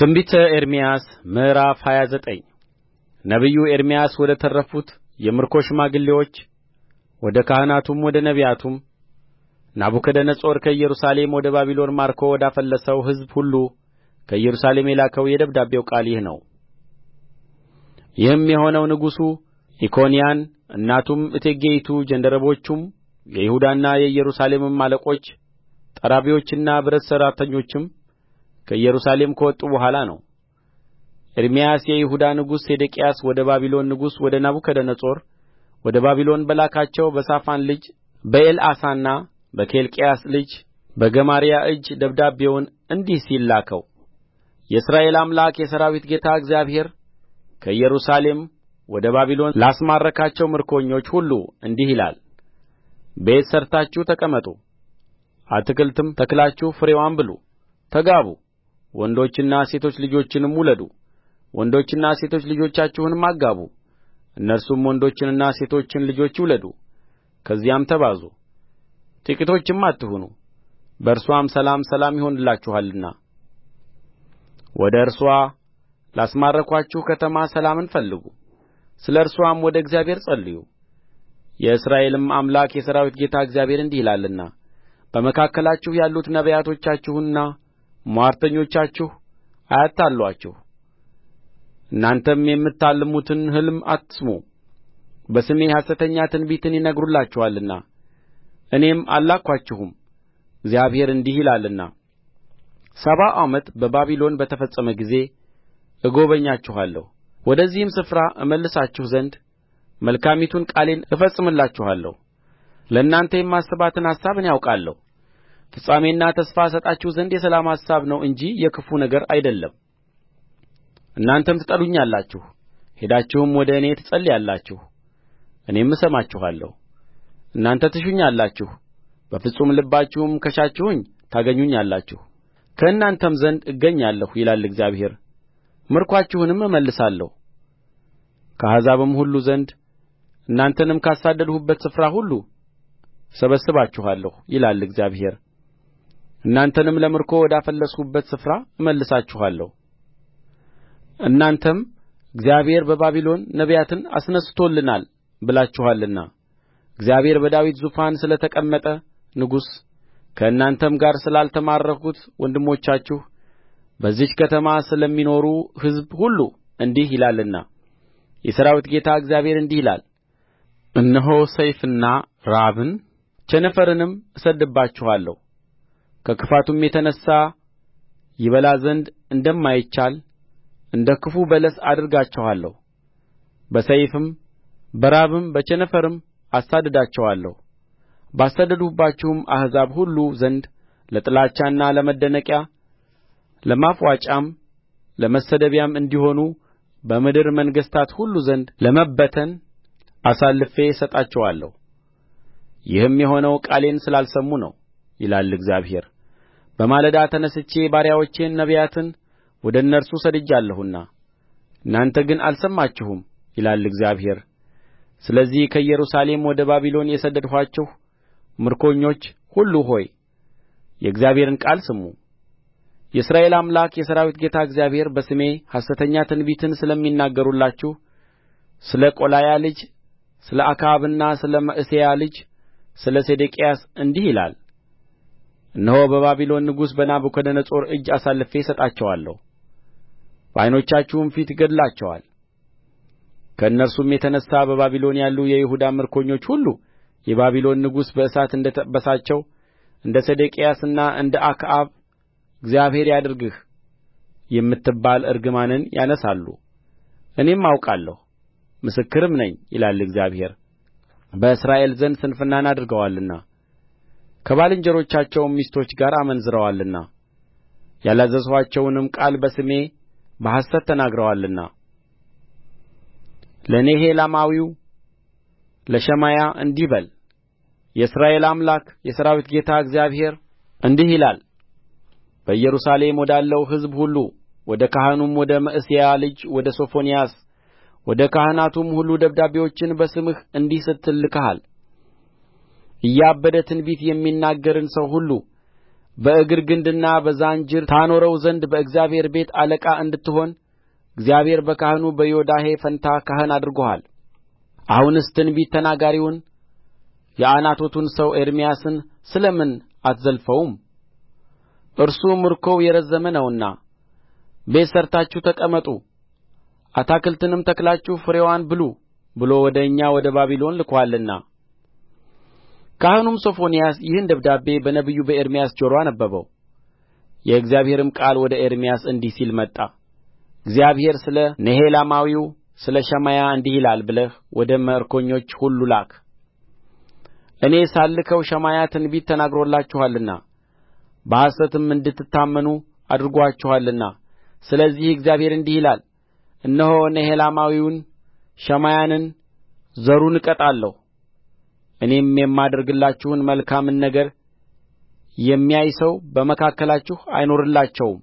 ትንቢተ ኤርምያስ ምዕራፍ ሃያ ዘጠኝ ነቢዩ ኤርምያስ ወደ ተረፉት የምርኮ ሽማግሌዎች ወደ ካህናቱም ወደ ነቢያቱም ናቡከደነፆር ከኢየሩሳሌም ወደ ባቢሎን ማርኮ ወዳፈለሰው ሕዝብ ሁሉ ከኢየሩሳሌም የላከው የደብዳቤው ቃል ይህ ነው። ይህም የሆነው ንጉሡ ኢኮንያን፣ እናቱም እቴጌይቱ፣ ጃንደረቦቹም፣ የይሁዳና የኢየሩሳሌምም አለቆች፣ ጠራቢዎችና ብረት ሠራተኞችም ከኢየሩሳሌም ከወጡ በኋላ ነው ኤርምያስ የይሁዳ ንጉሥ ሴዴቅያስ ወደ ባቢሎን ንጉሥ ወደ ናቡከደነፆር ወደ ባቢሎን በላካቸው በሳፋን ልጅ በኤልዓሣና በኬልቅያስ ልጅ በገማርያ እጅ ደብዳቤውን እንዲህ ሲል ላከው የእስራኤል አምላክ የሠራዊት ጌታ እግዚአብሔር ከኢየሩሳሌም ወደ ባቢሎን ላስማረካቸው ምርኮኞች ሁሉ እንዲህ ይላል ቤት ሠርታችሁ ተቀመጡ አትክልትም ተክላችሁ ፍሬዋን ብሉ ተጋቡ ወንዶችና ሴቶች ልጆችንም ውለዱ ወንዶችና ሴቶች ልጆቻችሁንም አጋቡ እነርሱም ወንዶችንና ሴቶችን ልጆች ይውለዱ ከዚያም ተባዙ ጥቂቶችም አትሁኑ በእርስዋም ሰላም ሰላም ይሆንላችኋልና ወደ እርስዋ ላስማረኳችሁ ከተማ ሰላምን ፈልጉ ስለ እርስዋም ወደ እግዚአብሔር ጸልዩ የእስራኤልም አምላክ የሠራዊት ጌታ እግዚአብሔር እንዲህ ይላልና በመካከላችሁ ያሉት ነቢያቶቻችሁና ምዋርተኞቻችሁ አያታልሉአችሁ እናንተም የምታልሙትን ሕልም አትስሙ በስሜ ሐሰተኛ ትንቢትን ይናገሩላችኋልና እኔም አልላክኋችሁም እግዚአብሔር እንዲህ ይላልና ሰባ ዓመት በባቢሎን በተፈጸመ ጊዜ እጐበኛችኋለሁ ወደዚህም ስፍራ እመልሳችሁ ዘንድ መልካሚቱን ቃሌን እፈጽምላችኋለሁ ለእናንተ የማስባትን አሳብ እኔ አውቃለሁ ፍጻሜና ተስፋ እሰጣችሁ ዘንድ የሰላም አሳብ ነው እንጂ የክፉ ነገር አይደለም እናንተም ትጠሩኛላችሁ ሄዳችሁም ወደ እኔ ትጸልያላችሁ እኔም እሰማችኋለሁ እናንተ ትሹኛላችሁ በፍጹም ልባችሁም ከሻችሁኝ ታገኙኛላችሁ ከእናንተም ዘንድ እገኛለሁ ይላል እግዚአብሔር ምርኮአችሁንም እመልሳለሁ ከአሕዛብም ሁሉ ዘንድ እናንተንም ካሳደድሁበት ስፍራ ሁሉ እሰበስባችኋለሁ ይላል እግዚአብሔር እናንተንም ለምርኮ ወዳፈለስሁበት ስፍራ እመልሳችኋለሁ እናንተም እግዚአብሔር በባቢሎን ነቢያትን አስነሥቶልናል ብላችኋልና እግዚአብሔር በዳዊት ዙፋን ስለ ተቀመጠ ንጉሥ ከእናንተም ጋር ስላልተማረኩት ወንድሞቻችሁ በዚህች ከተማ ስለሚኖሩ ሕዝብ ሁሉ እንዲህ ይላልና የሠራዊት ጌታ እግዚአብሔር እንዲህ ይላል እነሆ ሰይፍንና ራብን ቸነፈርንም እሰድድባችኋለሁ ከክፋቱም የተነሣ ይበላ ዘንድ እንደማይቻል እንደ ክፉ በለስ አደርጋቸዋለሁ በሰይፍም በራብም በቸነፈርም አሳድዳቸዋለሁ ባሳደድሁባቸውም አሕዛብ ሁሉ ዘንድ ለጥላቻና ለመደነቂያ ለማፍዋጫም ለመሰደቢያም እንዲሆኑ በምድር መንግሥታት ሁሉ ዘንድ ለመበተን አሳልፌ እሰጣቸዋለሁ ይህም የሆነው ቃሌን ስላልሰሙ ነው ይላል እግዚአብሔር በማለዳ ተነሥቼ ባሪያዎቼን ነቢያትን ወደ እነርሱ ሰድጃለሁና እናንተ ግን አልሰማችሁም ይላል እግዚአብሔር ስለዚህ ከኢየሩሳሌም ወደ ባቢሎን የሰደድኋችሁ ምርኮኞች ሁሉ ሆይ የእግዚአብሔርን ቃል ስሙ የእስራኤል አምላክ የሠራዊት ጌታ እግዚአብሔር በስሜ ሐሰተኛ ትንቢትን ስለሚናገሩላችሁ ስለ ቆላያ ልጅ ስለ አክዓብና ስለ መዕሤያ ልጅ ስለ ሴዴቅያስ እንዲህ ይላል እነሆ በባቢሎን ንጉሥ በናቡከደነፆር እጅ አሳልፌ እሰጣቸዋለሁ በዓይኖቻችሁም ፊት ይገድላቸዋል ከእነርሱም የተነሣ በባቢሎን ያሉ የይሁዳ ምርኮኞች ሁሉ የባቢሎን ንጉሥ በእሳት እንደ ጠበሳቸው እንደ ሴዴቅያስና እንደ አክዓብ እግዚአብሔር ያድርግህ የምትባል እርግማንን ያነሣሉ እኔም አውቃለሁ ምስክርም ነኝ ይላል እግዚአብሔር በእስራኤል ዘንድ ስንፍናን አድርገዋልና ከባልንጀሮቻቸውም ሚስቶች ጋር አመንዝረዋልና ያላዘዝኋቸውንም ቃል በስሜ በሐሰት ተናግረዋልና ለኔሔላማዊው ለሸማያ እንዲህ በል የእስራኤል አምላክ የሠራዊት ጌታ እግዚአብሔር እንዲህ ይላል በኢየሩሳሌም ወዳለው ሕዝብ ሁሉ ወደ ካህኑም ወደ መዕሤያ ልጅ ወደ ሶፎንያስ ወደ ካህናቱም ሁሉ ደብዳቤዎችን በስምህ እንዲህ ስትል ልከሃል እያበደ ትንቢት የሚናገርን ሰው ሁሉ በእግር ግንድና በዛንጅር ታኖረው ዘንድ በእግዚአብሔር ቤት አለቃ እንድትሆን እግዚአብሔር በካህኑ በዮዳሄ ፋንታ ካህን አድርጎሃል አሁንስ ትንቢት ተናጋሪውን የዓናቶቱን ሰው ኤርምያስን ስለ ምን አትዘልፈውም እርሱ ምርኮው የረዘመ ነውና ቤት ሠርታችሁ ተቀመጡ አታክልትንም ተክላችሁ ፍሬዋን ብሉ ብሎ ወደ እኛ ወደ ባቢሎን ልኮአልና ካህኑም ሶፎንያስ ይህን ደብዳቤ በነቢዩ በኤርምያስ ጆሮ አነበበው የእግዚአብሔርም ቃል ወደ ኤርምያስ እንዲህ ሲል መጣ እግዚአብሔር ስለ ኔሔላማዊው ስለ ሸማያ እንዲህ ይላል ብለህ ወደ ምርኮኞች ሁሉ ላክ እኔ ሳልልከው ሸማያ ትንቢት ተናግሮላችኋልና በሐሰትም እንድትታመኑ አድርጎአችኋልና ስለዚህ እግዚአብሔር እንዲህ ይላል እነሆ ኔሔላማዊውን ሸማያንን ዘሩን እቀጣለሁ እኔም የማደርግላችሁን መልካምን ነገር የሚያይ ሰው በመካከላችሁ አይኖርላቸውም